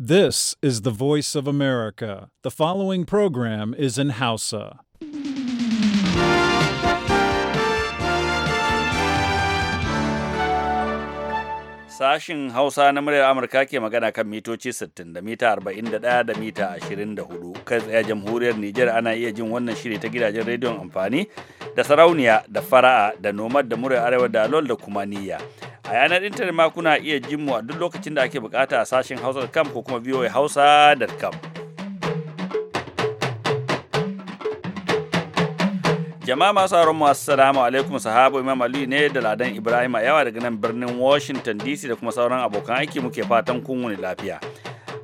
This is the voice of America. The following program is in Hausa. Sashin Hausa na muryar Amurka ke magana kan mitoci 60 da mita 41 da mita 24. Kai tsaye jamhuriyar Nijar ana iya jin wannan shiri ta gidajen rediyon amfani da sarauniya da fara'a da nomad da muryar arewa da alol da kuma niyya. a yanar intanet ma kuna iya jin mu a duk lokacin da ake bukata a sashen hausa.com ko kuma hausa.com jama'a masu haron mu salamu alaikum sahabu imam ali ne da ladan ibrahim a yawa daga nan birnin washington dc da kuma sauran abokan aiki muke fatan kun lafiya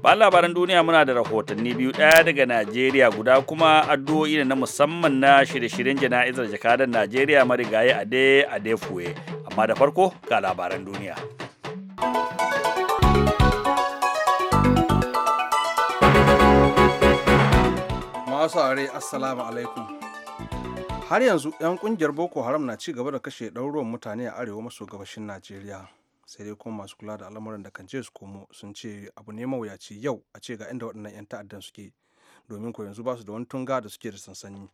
Ba labaran duniya muna da rahotanni biyu ɗaya daga Najeriya guda kuma addu'o'i na musamman na shirye-shiryen jana'izar jakadan Najeriya marigayi Ade Adefuwe. Amma da farko ga labaran duniya. Masu are Assalamu alaikum. har yanzu 'yan kungiyar boko haram na ci gaba da kashe ɗaruruwan mutane a arewa maso gabashin najeriya sai dai kuma masu kula da al'amuran da kan je su komo sun ce abu ne mawuyaci yau a ce ga inda waɗannan 'yan ta'addan suke domin ko yanzu ba su da wani tunga da suke da sansani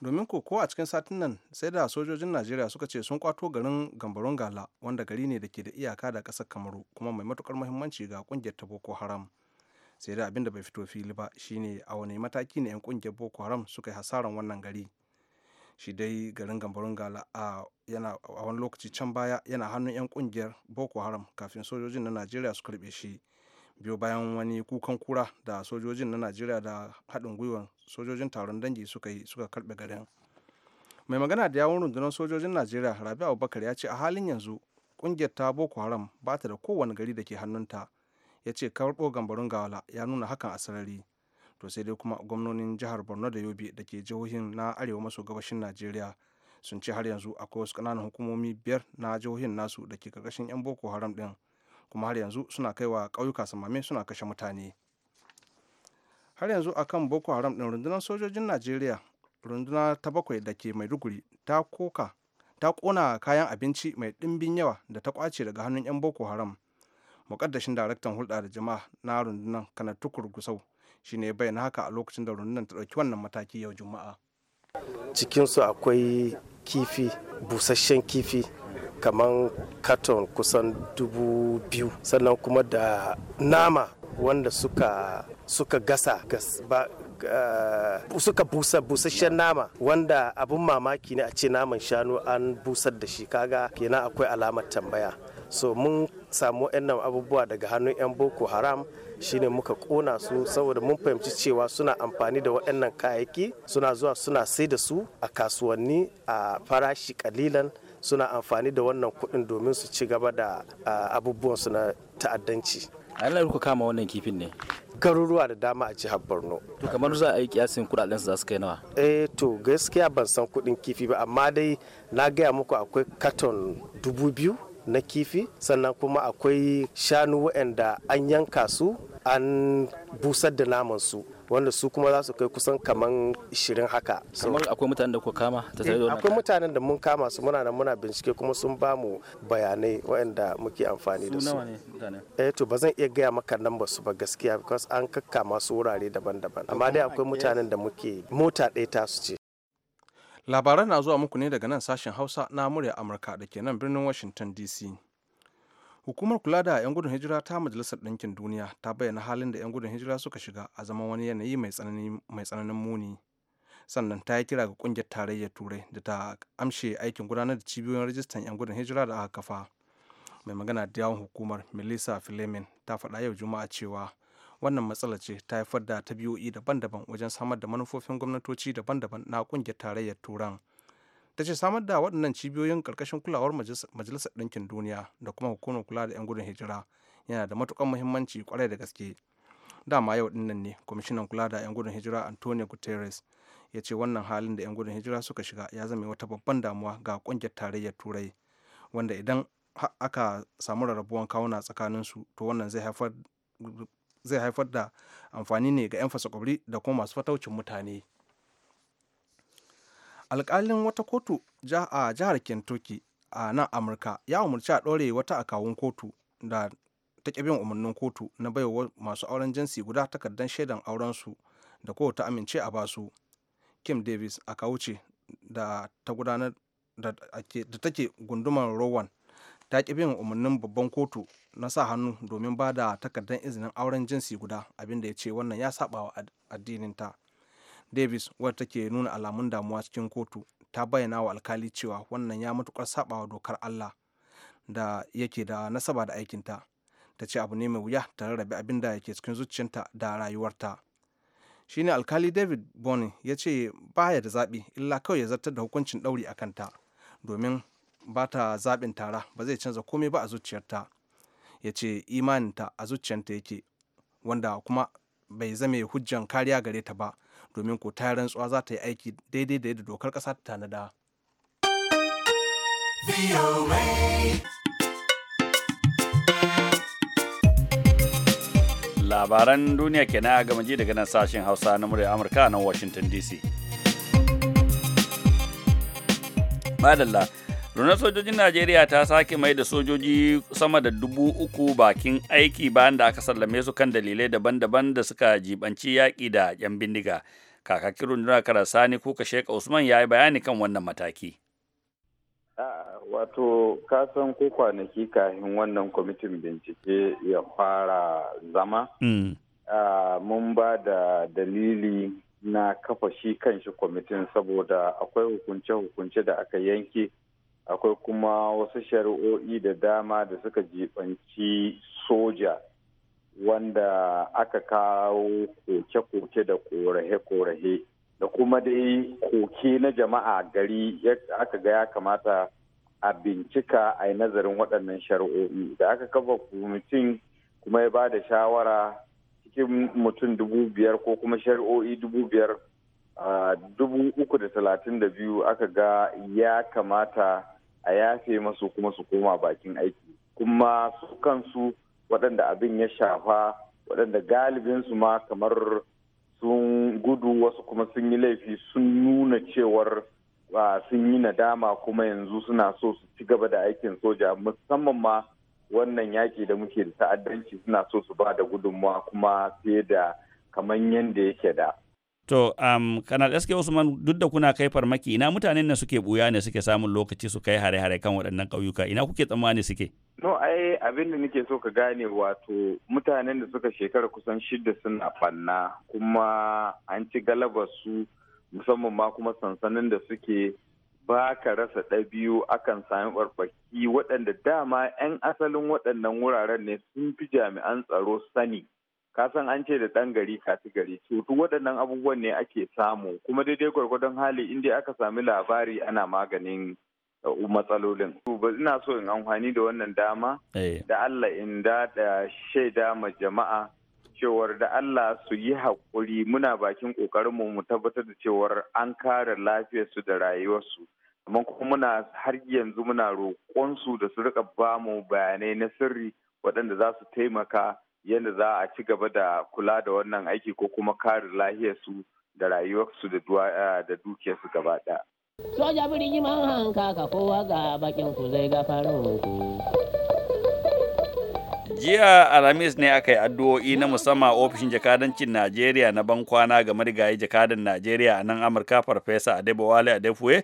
domin ko ko a cikin satin nan sai da sojojin najeriya suka ce sun kwato garin gambarun gala wanda gari ne da ke da iyaka da ƙasar kamaru kuma mai matukar muhimmanci ga kungiyar ta boko haram sai da abinda bai fito fili ba shine a wani mataki na 'yan kungiyar boko haram suka yi hasaran wannan gari shi dai garin gambarun gala a yana a wani lokaci can baya yana hannun 'yan kungiyar boko haram kafin sojojin na najeriya su karbe shi biyo bayan wani kukan kura da sojojin na najeriya da haɗin gwiwar sojojin taron dangi suka yi suka karbe garin mai magana da yawon rundunar sojojin najeriya rabi abubakar ya ce a halin yanzu kungiyar ta boko haram ba ta da kowane gari da ke hannunta ya ce karɓo gambarun gawala ya nuna hakan a sarari to sai dai kuma gwamnonin jihar borno da yobe da ke jihohin na arewa maso gabashin najeriya sun ce har yanzu akwai wasu kananan hukumomi biyar na jihohin nasu da ke karkashin 'yan boko haram ɗin kuma har yanzu suna kai wa kauyuka samame suna kashe mutane har yanzu akan boko haram ɗin rundunar sojojin najeriya runduna ta bakwai da ke maiduguri ta koka ta kona kayan abinci mai ɗimbin yawa da ta kwace daga hannun 'yan boko haram mukaddashin daraktan hulɗa da jama'a na rundunar kanatukur tukur gusau shine ya bayyana haka a lokacin da rundunar ta ɗauki wannan mataki yau juma'a cikinsu akwai kifi busasshen kifi kamar katon kusan dubu biyu sannan kuma da nama wanda suka suka gasa gas, ba, eh, suka busa busasshen nama wanda abin mamaki ne a ce naman shanu an busar da shi kaga kenan akwai alamar tambaya so mun samu nan abubuwa daga hannun 'yan boko haram shine muka kona su saboda mun fahimci cewa suna amfani da waɗannan kayayyaki suna zuwa suna sai da su a kasuwanni a farashi kalilan suna amfani da wannan kuɗin domin su ci gaba da abubuwansu na ta'addanci an ku kama wannan kifin ne garuruwa da dama a jihar borno to kamar za a yi kiyasin kudaden su za su kai nawa eh to gaskiya ban san kudin kifi ba amma dai na gaya muku akwai katon dubu biyu na kifi sannan kuma akwai shanu waɗanda an yanka su an busar da naman su wanda su kuma za su kai kusan kaman 20 haka. kamar akwai mutanen da kuka kama ta tare eh, akwai mutanen da mun kama su muna nan muna bincike kuma sun ba mu bayanai waɗanda muke amfani da su eh to ba zan iya gaya maka nan ba su ba gaskiya because an kakkama su wurare daban-daban amma dai akwai mutanen da muke mota ɗaya ta su ce labaran na zuwa muku ne daga nan sashen hausa na murya amurka da ke nan birnin washington dc hukumar kula da 'yan gudun hijira ta majalisar ɗinkin duniya ta bayyana halin da 'yan gudun hijira suka shiga a zaman wani yanayi mai tsananin muni sannan ta yi kira ga kungiyar tarayyar turai da ta amshe aikin gudanar da cibiyoyin rajistan 'yan gudun hijira da aka kafa mai magana da yawon hukumar melissa fleming ta faɗa yau juma'a cewa wannan matsala ce ta haifar da ta biyoyi daban-daban wajen samar da manufofin gwamnatoci daban-daban na kungiyar tarayyar turan ta ce samar da waɗannan cibiyoyin ƙarƙashin kulawar majalisar ɗinkin duniya da kuma hukumar kula da 'yan gudun hijira yana da matuƙar muhimmanci kwarai da gaske dama yau dinnan ne kwamishinan kula da 'yan gudun hijira antonio guterres ya ce wannan halin da 'yan gudun hijira suka shiga ya zama wata babban damuwa ga ƙungiyar tarayyar turai wanda idan aka samu rarrabuwan kawuna tsakaninsu to wannan zai haifar zai haifar da amfani ne ga 'yan fasa kwabri da kuma masu fataucin mutane alkalin wata kotu a jihar kentucky a nan amurka ya umarci a ɗore wata akawun kotu da ta bin umarnin kotu na baiwa masu auren jinsi guda takardar shaidan aurensu da kowa ta amince a basu kim davis a kauce da ta gudanar da take gundumar rowan ta ki bin umarnin babban kotu na sa hannu domin ba da takardar izinin auren jinsi guda abinda ya ce wannan ya saba wa addininta davis wadda take nuna alamun damuwa cikin kotu ta bayyana wa alkali cewa wannan ya matukar saba wa dokar allah da yake da nasaba da aikinta ta ce abu ne mai wuya ta rarrabe abin da yake cikin zuciyarta da rayuwarta shine alkali david bonin ya ce baya da zaɓi illa kawai ya zartar da hukuncin ɗauri a kanta domin ba ta zaɓin tara ba zai canza komai ba a zuciyarta ya ce imaninta a zuciyarta yake wanda kuma bai zame hujjan kariya gare ta ba domin ko ta rantsuwa za ta yi aiki daidai da yadda dokar ƙasa ta tanada. Labaran duniya ke a gama ji daga nan sashen Hausa na murya Amurka nan Washington DC. Madalla Rundunar sojojin Najeriya ta sake mai da sojoji sama da dubu uku bakin aiki bayan da aka sallame su kan dalilai daban-daban da suka jibanci yaƙi da 'yan bindiga. Kakakin rundunar karasani kuka sheka Usman ya yi bayani kan wannan mataki. Wato, kasan ko kwanaki kafin wannan kwamitin bincike ya fara zama, hmm. mun ba da dalili na kafa shi kan shi kwamitin saboda akwai hukunce-hukunce da aka yanke. akwai kuma wasu shari'o'i da dama da suka jibanci soja wanda aka kawo koke-koke da korahe-korahe da kuma dai koke na jama'a gari aka ga ya kamata a bincika a yi nazarin waɗannan shari'o'i da aka kafa kwamitin kuma ya ba da shawara cikin mutum dubu biyar ko kuma shari'o'i dubu biyar dubu uku da talatin da biyu aka ga ya kamata a yafe masu kuma su koma bakin aiki kuma su kansu waɗanda abin ya shafa waɗanda galibinsu ma kamar sun gudu wasu kuma sun yi laifi sun nuna cewar sun yi nadama kuma yanzu suna so su ci gaba da aikin soja musamman ma wannan yaƙi da muke da ta'addanci suna so su ba da gudunmuwa kuma sai da kamar yadda yake da To, um, kanal SK Usman duk da kuna kai farmaki ina mutanen nan suke buya ne suke samun lokaci su kai hare-hare kan waɗannan ƙauyuka ina kuke tsammani suke? No, ai abin da nake so ka gane wato mutanen da suka shekara kusan shida suna fanna kuma an ci galaba su musamman ma kuma sansanin da suke ba ka rasa ɗabi'u akan sami barbaki waɗanda dama 'yan asalin waɗannan wuraren ne sun fi jami'an tsaro sani. ka san an ce da ɗan gari kati gari to duk waɗannan abubuwan ne ake samu kuma daidai gwargwadon hali inda aka sami labari ana maganin uh, matsalolin. Ina so in amfani da wannan dama eh. da Allah in da shaida ma jama'a cewar da Allah su yi haƙuri muna bakin ƙoƙarinmu mu tabbatar da cewar an kare lafiyarsu da rayuwarsu. Amma kuma muna har yanzu muna su da su rika ba mu bayanai na sirri waɗanda za su taimaka yadda za a ci gaba da kula da wannan aiki ko kuma kare lahiyarsu da rayuwarsu da dukiyarsu gaba Soja birni man hanka ka kowa ga bakin ku zai gafarin ku. jiya alhamis ne aka yi addu'o'i na musamman ofishin jakadancin najeriya na bankwana ga marigayi jakadan najeriya a nan amurka farfesa adebowale adefuwe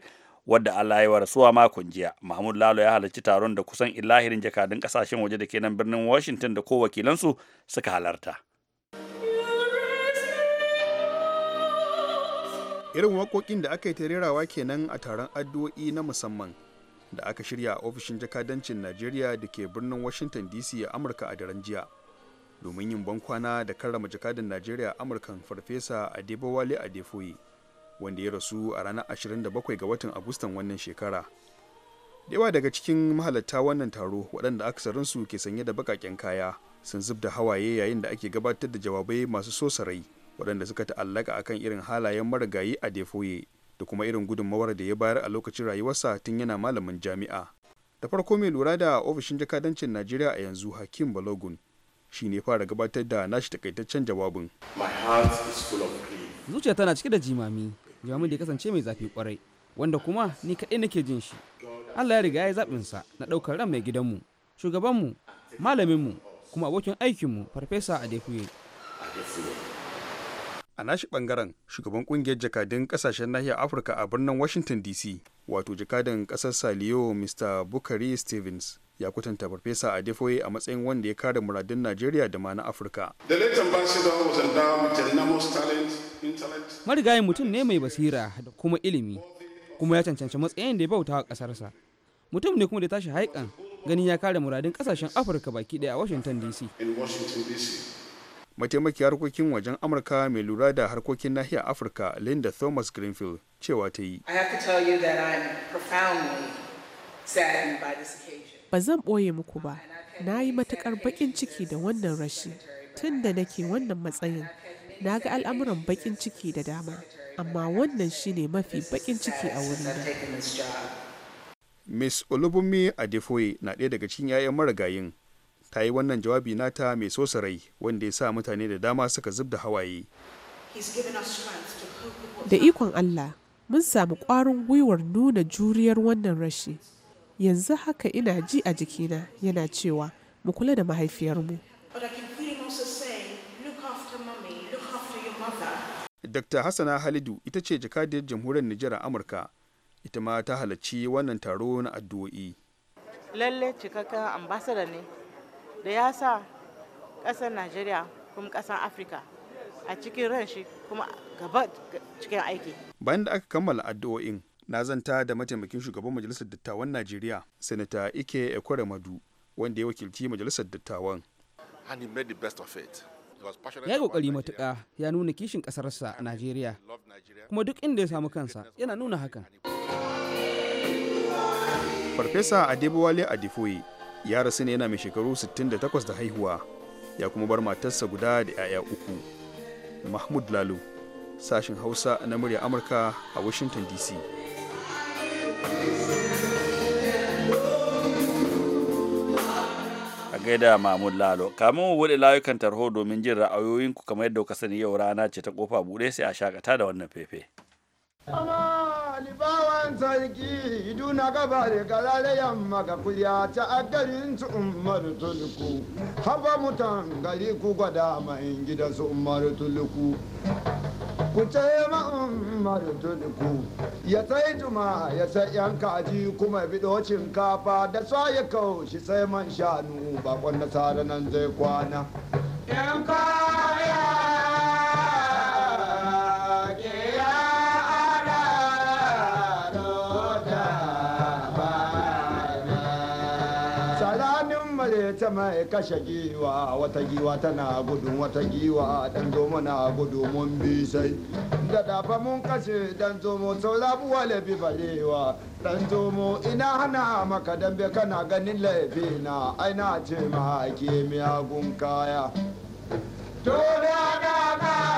wadda Allah ya rasuwa makon jiya Mahmud Lalo ya halarci taron da kusan illahirin jakadun kasashen waje da ke nan birnin Washington da ko wakilansu suka halarta irin waƙoƙin da aka yi rerawa kenan a taron addu'o'i na musamman da aka shirya a ofishin jakadancin Najeriya da ke birnin Washington DC a Amurka a daren jiya domin yin bankwana da karrama jakadan Najeriya Amurkan Farfesa Adebowale Adefoye. wanda ya rasu a ranar 27 ga watan agustan wannan shekara yawa daga cikin mahalarta wannan taro waɗanda aksarinsu ke sanye da baƙaƙen kaya sun zub da hawaye yayin da ake gabatar da jawabai masu sosarai waɗanda suka ta'allaka akan irin halayen marigayi a defoye da kuma irin gudunmawar da ya bayar a lokacin rayuwarsa tun yana malamin jami'a da farko mai lura da ofishin jakadancin najeriya a yanzu hakim balogun shi ne fara gabatar da nashi takaitaccen jawabin zuciya tana cike da jimami jamin da ya kasance mai zafi kwarai wanda kuma ni kaɗai nake jin shi allah ya riga ya zaɓin sa na ɗaukar ran mai gidanmu shugabanmu malaminmu kuma abokin aikinmu farfesa adefuye a nashi ɓangaren shugaban kungiyar jakadun kasashen nahiyar afirka a birnin washington dc wato jakadan ƙasar saliyo mr bukari stevens ya kwatanta farfesa adefoye a matsayin wanda ya kare muradun najeriya da ma na afirka the late ambassador was endowed with enormous talent marigayi mutum ne mai basira da kuma ilimi kuma ya cancanci matsayin da ya bauta wa ƙasarsa mutum ne kuma da tashi haikan ganin ya kare muradin kasashen afirka baki daya a washington dc mataimaki harkokin wajen amurka mai lura da harkokin nahiyar afirka linda thomas greenfield cewa ta yi ba zan ɓoye muku ba na yi matuƙar baƙin ciki da wannan rashi tun da nake wannan matsayin na ga al'amuran bakin ciki da dama amma wannan shine mafi bakin ciki a wurina miss olubunmi adefoye na ɗaya daga cikin 'ya'yan marigayin ta yi wannan jawabi nata mai sosarai wanda ya sa mutane da dama suka zub da hawaye da ikon allah mun samu ƙwarin gwiwar nuna juriyar wannan rashi yanzu haka ina ji a jikina yana cewa mu kula da mahaifiyarmu Dr. Hassana Halidu ita ce jakadiyar jamhuriyar Nijar a Amurka, ita ma ta halarci wannan taro na addu'o'i. Lalle cikakken ambasada ne da ya sa ƙasar Najeriya kuma ƙasar Afirka a cikin ran shi kuma gaba cikin aiki. Bayan da aka kammala addu'o'in, na zanta da mataimakin shugaban majalisar dattawan Najeriya, Sanata Ike Ekwere Madu, wanda ya wakilci majalisar dattawan. And he made the best of it. ya yi kokari matuka ya nuna kishin ƙasarsa Najeriya kuma duk inda ya samu kansa yana nuna hakan. Farfesa Adebowale Adefoye ya rasu ne yana mai shekaru 68 da haihuwa ya kuma bar matarsa guda da 'ya'ya uku. Mahmud lalu sashin Hausa na murya Amurka a Washington DC. gaida Mahmud Lalo. Kamin mu buɗe layukan tarho domin jin ra'ayoyinku kamar yadda kuka sani yau rana ce ta kofa buɗe sai a shakata da wannan fefe. amma libawan sarki duna gaba da galare yamma ga kuya ta a garin su umar Tuluku. haba mutan gari ku gwada mai gida su umar Tuluku, ku ce ma umar Tuluku. ya sai juma ya sai yan kaji kuma bido shinkafa da sa ya kaushi sai man shanu bakon nasara nan zai kwana yan kaya sama ya kashe giwa wata giwa tana gudun wata giwa dan zomo na gudu mun bi sai da dafa mun kashe dan zomo sau labuwa laifi barewa dan zomo ina hana maka dambe kana ganin laifi na aina ce ma ke miyagun kaya. Dole na na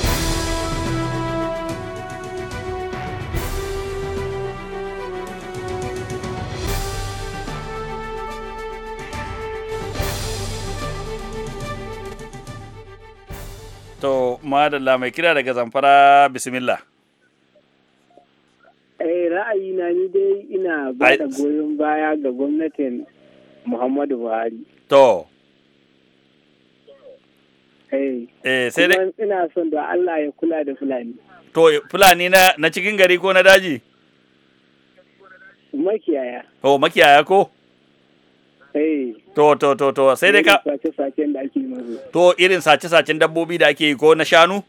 madalla mai kira daga zamfara bismillah eh, ra'ayi na ni dai ina ba da goyon baya ga gwamnatin Muhammadu Buhari to eh, eh sai dai ina son da Allah ya kula da Fulani to Fulani na na cikin gari ko na daji makiyaya oh makiyaya ko Eh. To to to to sai dai ka To irin sace-sacen dabbobi da ake yi ko na shanu?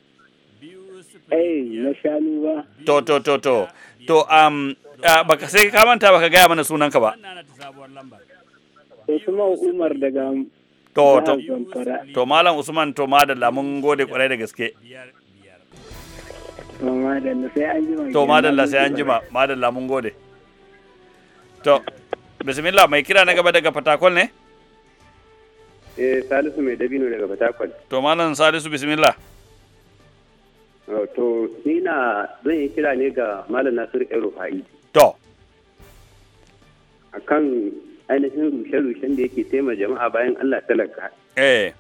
Eh na shanu ba. To to to to to um ah, baka sai ka manta baka gaya mana sunanka ba. Usman Umar daga To to to Malam Usman to madalla mun gode kwarai da gaske. To madalla sai an jima. To madalla sai an jima madalla mun gode. To Bismillah mai kira na gaba daga Fatakwal ne? Eh Salisu mai dabino daga Fatakwal. To malam Salisu bismillah. Oh, to ni na zan yi kira ne ga malam Nasiru El Rufai. To. kan ainihin rushe-rushen da yake taimaka jama'a bayan Allah talaka. Eh.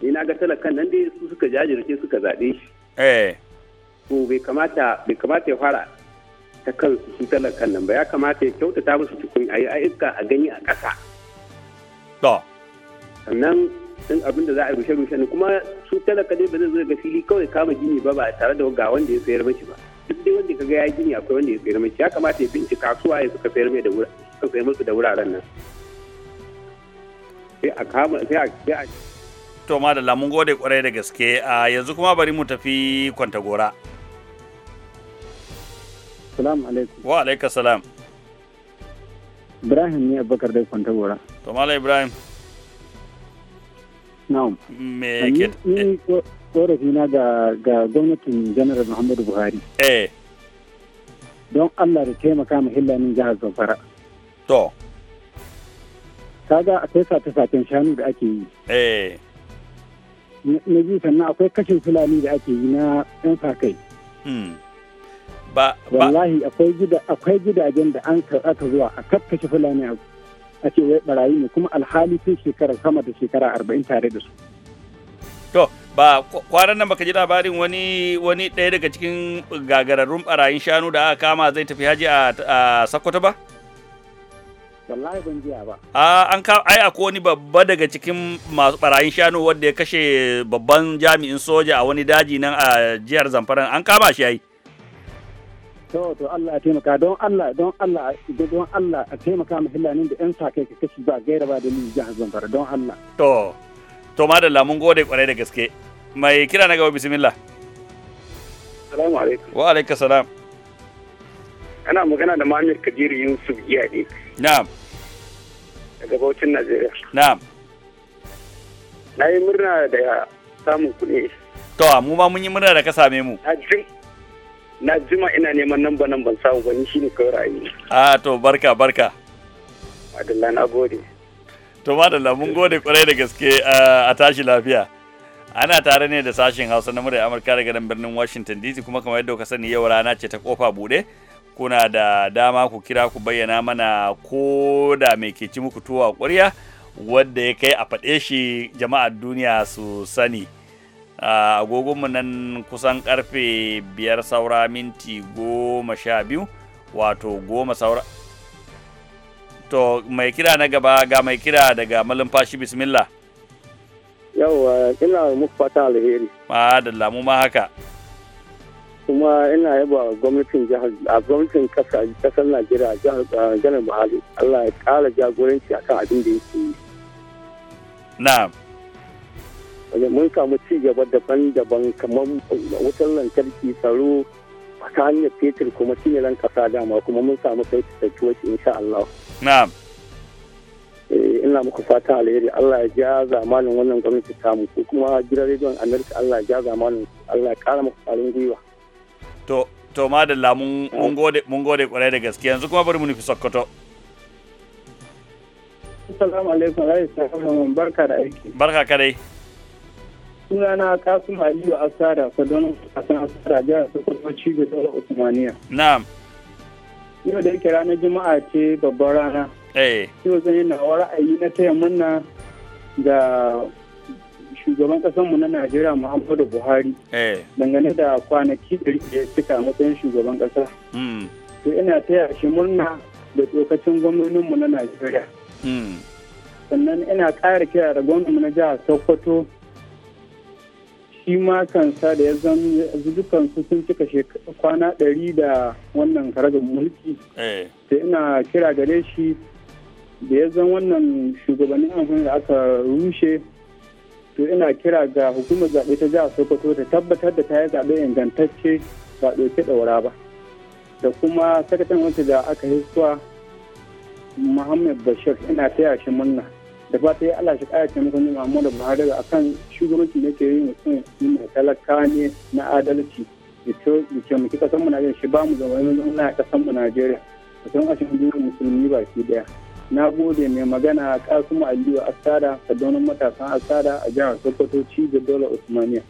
Ni na ga talakan nan dai su suka jajirce suka zaɓe shi. Eh. To bai kamata bai kamata ya fara ta kansu su talakan nan ba ya kamata ya kyautata musu cikin a yi ayyuka a gani a ƙasa. ɗo. Sannan sun abin da za a rushe rushe ne kuma su talaka ne ba zai zo ga fili kawai kama gini ba ba tare da ga wanda ya sayar mashi ba. Duk dai wanda kaga ya yi gini akwai wanda ya sayar mashi ya kamata ya bincika kasuwa ya suka sayar mai da suka sayar musu da wuraren nan. Sai a kama sai a sai a. To madalla mun gode kwarai da gaske yanzu kuma bari mu tafi kwanta gora. Salamu alaikum. Wa alaika salam. Ibrahim ne Abubakar dai kwanta gora. To Malam Ibrahim. Na'am. Me ke ni korafi na ga ga gwamnatin Janar Muhammadu Buhari. Eh. Don Allah da taimaka mu hillanin jihar Zamfara. To. Kaga akwai sata sacen shanu da ake yi. Eh. Na biyu sannan akwai kashin fulani da ake yi na 'yan sa kai. Hmm. ba wallahi akwai gida akwai gidajen da an aka zuwa a kakkace fulani a ce wai barayi ne kuma alhali sun shekara sama da shekara arba'in tare da su to ba kwanan nan baka ji labarin wani wani ɗaya daga cikin gagararrun barayin shanu da aka kama zai tafi haji a sakkwato ba wallahi ban jiya ba. A an ka ai akwai wani babba daga cikin masu barayin shanu wanda ya kashe babban jami'in soja a wani daji nan a jihar Zamfara an kama shi ai. to to Allah ya taimaka don Allah don Allah don Allah a taimaka mu hillanin da yan sakai ka kashi ba gaira ba ni jihar Zamfara don Allah to to madalla mun gode kwarai da gaske mai kira na gaba bismillah assalamu alaikum wa alaikum salam ana magana da Mamir Kadir Yusuf Iyade na'am daga bautin Najeriya na'am na yi murna da samun kuɗi to mu ma mun yi murna da ka same mu na jima ina neman nan ba nan ban samu ba ni ne kawai ra'ayi a ah, to barka barka madalla na gode to madalla mun gode kwarai da gaske ah, a tashi lafiya ana tare ne da sashen hausa na murya amurka daga nan birnin washington dc kuma kamar yadda ka sani yau rana ce ta kofa bude kuna da dama ku kira ku bayyana mana ko da mai ke ci muku tuwa kwarya wadda ya kai a faɗe shi jama'ar duniya su sani Ah, agogonmu nan kusan karfe biyar saura minti goma sha biyu wato goma saura to mai kira na gaba ga mai kira daga malumfashi bismillah yawwa ina muku fata alheri ma da lamu ma haka kuma ina yaba gwamnatin jihar a gwamnatin kasar najeriya jihar ah, janar buhari allah ya kara jagoranci akan abin da yake yi na'am mun samu ci gaba daban-daban kamar wutar lantarki tsaro ta hanyar fetur kuma shine ran kasa dama kuma mun samu ta sauki insha Allah. Na'am. Eh, ina muku fatan alheri Allah ya ja zamanin wannan gwamnati mu ko kuma gidan rediyon Amerika Allah ya ja zamanin Allah ya kara muku kwarin gwiwa. To to madalla mun mun gode mun gode kwarai da gaske yanzu kuma bari mu nufi Sokoto. Assalamu alaikum, barka da aiki. Barka kadai. sunana kasim aliyu Asada, kaduna kasan asara jihar sokoto cibiyar daular usmaniya na'am yau da yake ranar juma'a ce babban rana eh. yau zan yi nawa ra'ayi na taya murna ga shugaban kasanmu na najeriya muhammadu buhari eh. dangane da kwanaki da ya cika matsayin shugaban kasa hmm. to ina taya shi murna da tsokacin gwamnoninmu na najeriya hmm. sannan ina ƙara kira da mu na jihar sokoto shi ma kansa da ya zan dukansu sun cika kwana ɗari da wannan karagar mulki eh. ta ina kira gare shi da ya zan wannan shugabannin amfani da aka rushe to ina kira ga hukumar zaɓe ta jihar sokoto ta tabbatar da ta yi zaɓe ingantacce ba ɗauke ɗaura ba da kuma sakatan wata da aka hiswa muhammad bashir ina taya shi murna da ta yi Allah shi kaya taimakon jama'a Muhammadu Buhari a kan shugabanci da ke yi mutum mai talaka ne na adalci da ke muke kasan mu Najeriya shi ba mu zama yanzu kasan mu Najeriya a ashirin duniyar musulmi ba baki daya. Na gode mai magana mu Aliyu Asada, Kaduna matasan Sada a jihar Sokoto, Cibiyar Dola Usmaniya.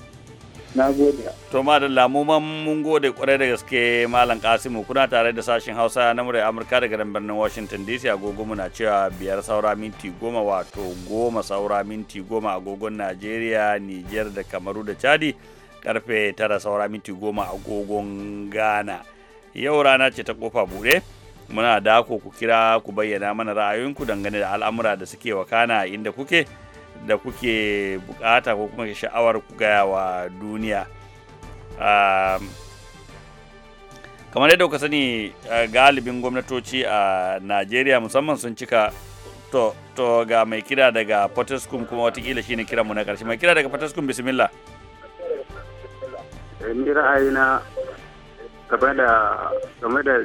na gode to madalla mu mun gode kwarai da gaske malam kasimu kuna tare da sashen hausa na murya amurka daga nan birnin washington dc agogo muna cewa biyar saura minti goma wato goma saura minti goma agogon najeriya nijar da kamaru da chadi karfe tara saura minti goma agogon ghana yau rana ce ta kofa bude muna dako ku kira ku bayyana mana ra'ayoyinku dangane da al'amura da suke wakana inda kuke da kuke bukata ko kuma sha'awar ku gaya wa duniya kamar yadda kuka sani galibin gwamnatoci a najeriya musamman sun cika to, to ga mai kira daga potoskum kuma watakila shine kira mu na karshe mai kira daga potoskum bismillah eh, ni ra'ayina game da game da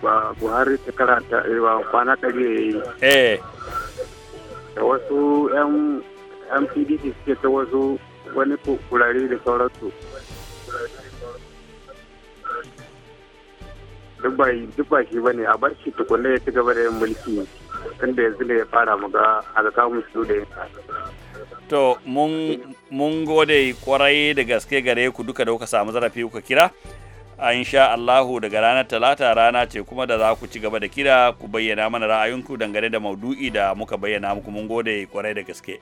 ba buhari ta karanta eh, ba kwana ɗari ya yi eh. da wasu yan pdc suke ta wasu wani kurare da sauransu duk ba shi ba ne a bar shi tukunna ya ci gaba da yin mulki inda yanzu da ya fara muga a ga kamun musu da yin To, mun gode kwarai da gaske gare ku duka da kuka samu zarafi kuka kira. an sha Allahu daga ranar talata rana ce kuma da za ku ci gaba da kira ku bayyana mana ra'ayinku dangane da maudu'i da muka bayyana muku mun gode kwarai da gaske.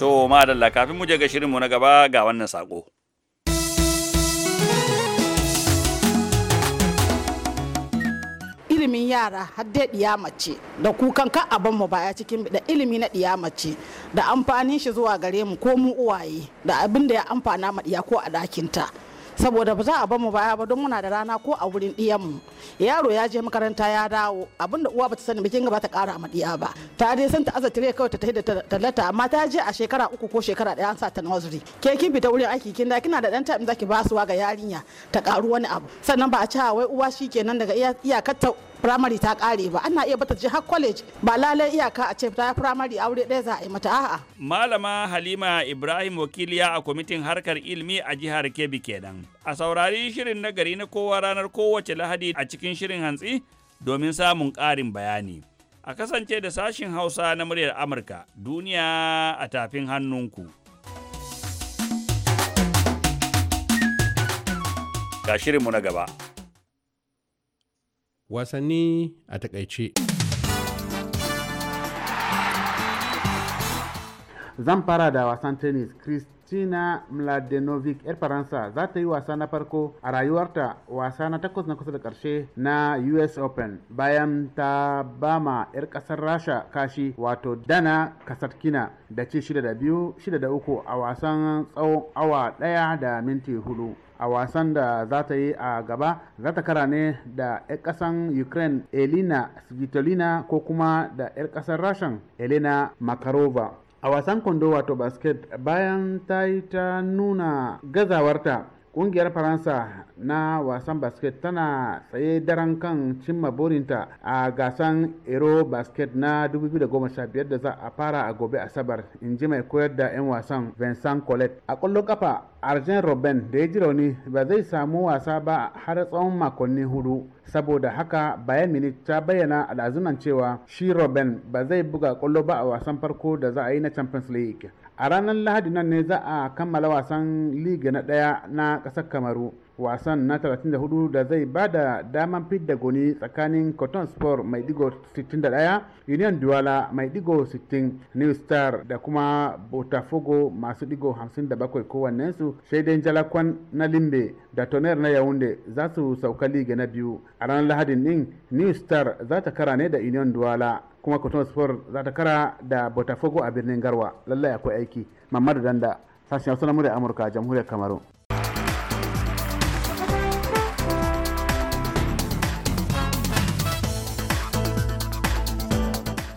To madalla kafin mu je ga shirinmu na gaba ga wannan sako. ilimin yara har dai ɗiya mace da kukan kan abin mu baya cikin da ilimi na ɗiya mace da amfanin shi zuwa gare mu ko mu uwaye da abin da ya amfana ma ɗiya ko a ta saboda ba za a mu baya ba don muna da rana ko a wurin mu yaro ya je makaranta ya dawo abinda uwa bata sani bikin ba ta kara ma diya ba ta dai san ta azatire kawai ta tahi da tallata amma ta je a shekara uku ko shekara daya an sa ta nursery ke kin fita wurin aiki kin da kina da dan time zaki basuwa ga yarinya ta karu wani abu sannan ba a ci wai uwa shikenan daga iyakar ta firamare ta kare ba ana iya bata jihar college ba lalai iyaka a ce ta firamare aure ɗaya za a yi mata a'a malama halima ibrahim wakiliya a kwamitin harkar ilimi a jihar kebbi kenan a saurari shirin na gari na kowa ranar kowace lahadi a cikin shirin hantsi domin samun ƙarin bayani a kasance da sashin hausa na muryar amurka duniya a tafin hannunku ga shirinmu na gaba wasanni a takaice. zan fara da wasan tennis christina mladenovic yar faransa za ta yi wasa na farko a rayuwarta wasa na takwas na kusa da karshe na us open bayan ta bama yar kasar rasha kashi wato dana kasatkina da ce 6 da 2 6 da 3 a wasan tsawon awa 1 da minti hudu a wasan da za ta yi a gaba za ta kara ne da 'yan ƙasan ukraine elina svitolina ko kuma da 'yan ƙasar rashan elena makarova a wasan kondo wato basket bayan ta yi ta nuna gazawarta kungiyar faransa na wasan basket tana tsaye daren kan cimma burinta a gasan ero basket na 2015 da za a fara a gobe asabar in ji mai koyar da 'yan wasan vincent colette a kwallo kafa arjen robin da ya ji rauni ba zai samu wasa ba har tsawon makonni hudu saboda haka bayan minit ta bayyana lazunan cewa shi robin ba zai buga kwallo ba a wasan farko da za a yi na champions league a ranar lahadi nan ne za a kammala wasan liga na ɗaya na ƙasar kamaru wasan na 34 da zai ba da daman fidda goni tsakanin cotton sport mai digo 61 union duwala mai digo 60 new star da kuma botafogo masu digo 57 kowannensu shaidan jalakwan na limbe da toner na yaunde za su sauka liga na biyu a ranar lahadin din new star za ta kara ne da union duwala kuma Kotun Sport za ta kara da Botafogo a birnin Garwa lallai akwai aiki Mamadu Danda sashen wasu na murya Amurka jamhuriyar Kamaru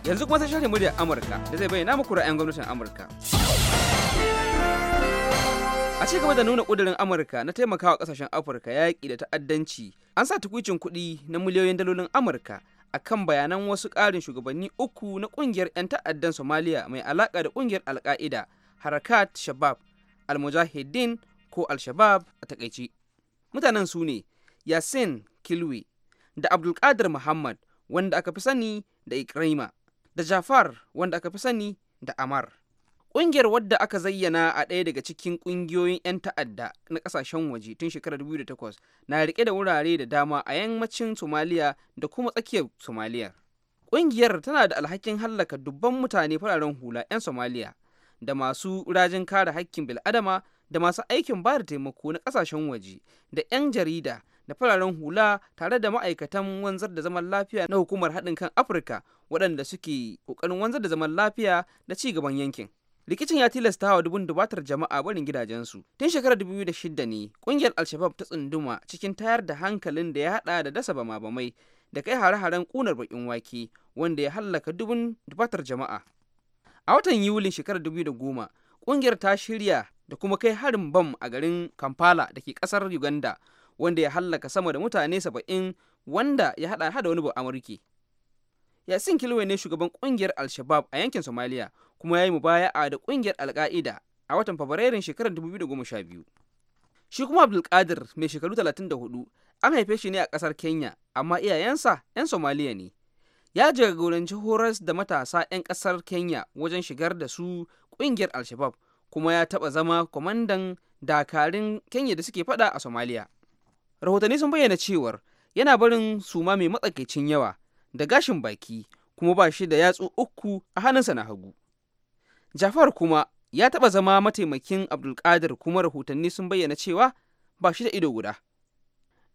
yanzu kuma sai shirin a Amurka da zai bayyana muku ra'ayin gwamnatin Amurka a ci gaba da nuna kudurin Amurka na taimakawa ƙasashen Afirka yaƙi da ta'addanci an sa tukuicin kuɗi na miliyoyin dalolin Amurka a kan bayanan wasu ƙarin shugabanni uku na ƙungiyar 'yan ta'addan somaliya mai alaƙa da ƙungiyar alƙa'ida harakat shabab almujahidin ko al-shabab a takaici mutanen su ne yasin kilwe da abdulkadir muhammad wanda aka fi sani da ikrima da jafar wanda aka fi sani da amar Ƙungiyar wadda aka zayyana a ɗaya daga cikin ƙungiyoyin 'yan ta'adda na ƙasashen waje tun shekarar 2008 na riƙe da wurare da dama a yammacin Somaliya da kuma tsakiyar Somaliya. Ƙungiyar tana da alhakin hallaka dubban mutane fararen hula 'yan Somaliya da masu rajin kare hakkin bil'adama da masu aikin ba da taimako na ƙasashen waje da 'yan jarida da fararen hula tare da ma'aikatan wanzar da zaman lafiya na hukumar haɗin kan Afirka waɗanda suke ƙoƙarin wanzar da zaman lafiya da ci gaban yankin. rikicin ya tilasta wa dubun dubatar jama'a barin gidajensu tun shekarar 2006 ne kungiyar alshabab ta tsunduma cikin tayar da hankalin da ya haɗa da dasa bama-bamai da kai hare-haren kunar bakin wake wanda ya hallaka dubun dubatar jama'a a watan Yuli, shekarar 2010 kungiyar ta shirya da kuma kai harin bam a garin kampala da ke kasar uganda wanda ya hallaka sama da mutane saba'in wanda ya hada da wani ba yasin kilwe ne shugaban kungiyar alshabab a yankin somalia kuma ya yi mu baya a da kungiyar alka'ida a watan fabrairun shekarar 2012 shi kuma abdulkadir mai shekaru 34 an haife shi ne a ƙasar kenya amma iyayensa 'yan somaliya ne ya jagoranci horas da matasa 'yan ƙasar kenya wajen shigar da su ƙungiyar alshabab kuma ya taɓa zama kwamandan dakarun kenya da suke faɗa a somaliya rahotanni sun bayyana cewar yana barin suma mai matsakaicin yawa da gashin baki kuma ba shi da yatsu uku a hannunsa na hagu Jafar kuma ya taɓa zama mataimakin Abdulkadir kuma rahotanni sun bayyana cewa ba shi da ido guda.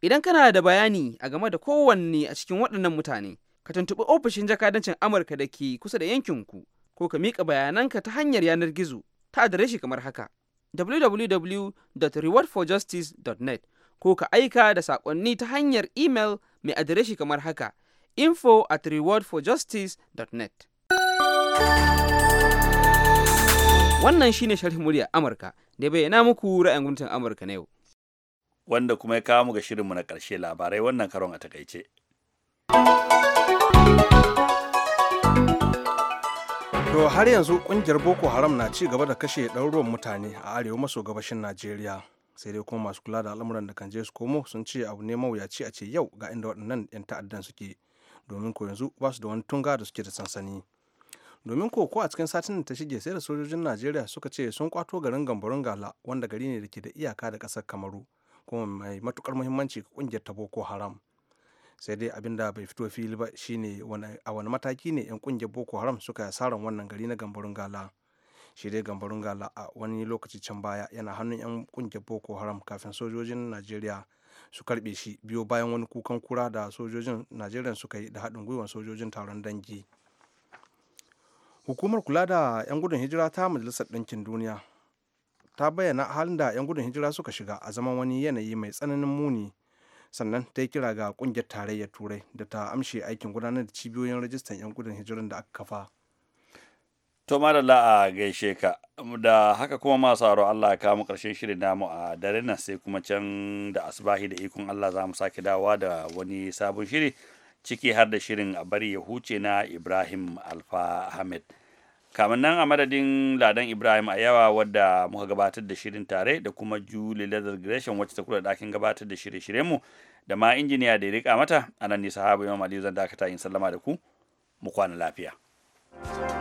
Idan kana da bayani a game da kowanne a cikin waɗannan mutane, ka tuntuɓi ofishin jakadancin Amurka da ke kusa da yankinku ko ka miƙa bayananka ta hanyar yanar gizo ta adireshi kamar haka www.rewardforjustice.net ko ka aika da saƙonni ta hanyar imel mai adireshi kamar haka info at rewardforjustice.net. Wannan shine sharhin murya Amurka da bayyana muku ra'ayin gwamnatin Amurka na yau. Wanda kuma ya kawo mu ga shirinmu na ƙarshe labarai wannan karon a takaice. To har yanzu kungiyar Boko Haram na ci gaba da kashe ɗaruruwan mutane a arewa maso gabashin Najeriya. Sai dai kuma masu kula da al'amuran da kan je su komo sun ce abu ne mawuyaci a ce yau ga inda waɗannan 'yan ta'addan suke. Domin ko yanzu ba su da wani tunga da suke da sansani. domin koko a cikin satin da ta shige sai da sojojin najeriya suka ce sun kwato garin gambarun gala wanda gari ne da ke da iyaka da kasar kamaru kuma mai matukar muhimmanci ga kungiyar ta boko haram sai dai abin da bai fito fili ba shine a wani mataki ne yan kungiyar boko haram suka saran wannan gari na gambarun gala shi dai gambarun gala a wani lokaci can baya yana hannun yan kungiyar boko haram kafin sojojin najeriya su karbe shi biyo bayan wani kukan kura da sojojin najeriya suka yi da haɗin gwiwar sojojin taron dangi. hukumar kula da 'yan gudun hijira ta majalisar ɗinkin duniya ta bayyana halin da 'yan gudun hijira suka shiga a zaman wani yanayi mai tsananin muni sannan ta yi kira ga kungiyar tarayyar turai da ta amshe aikin gudanar da cibiyoyin rajistan 'yan gudun hijiran da aka kafa to da a gaishe ka da haka kuma masu aro Allah ya kawo karshen shirin namu a dare nan sai kuma can da asbahi da ikon Allah za mu sake dawowa da wani sabon shiri ciki har da shirin a bari ya huce na ibrahim alfa ahmed kamin nan a madadin ladan ibrahim a yawa wadda muka gabatar da shirin tare da kuma julie leather gresham wacce ta kula dakin gabatar da shirye mu da ma injiniya da ya rika mata anan ne sahaba imam aliyu zan dakata in sallama da ku mu kwana lafiya thank you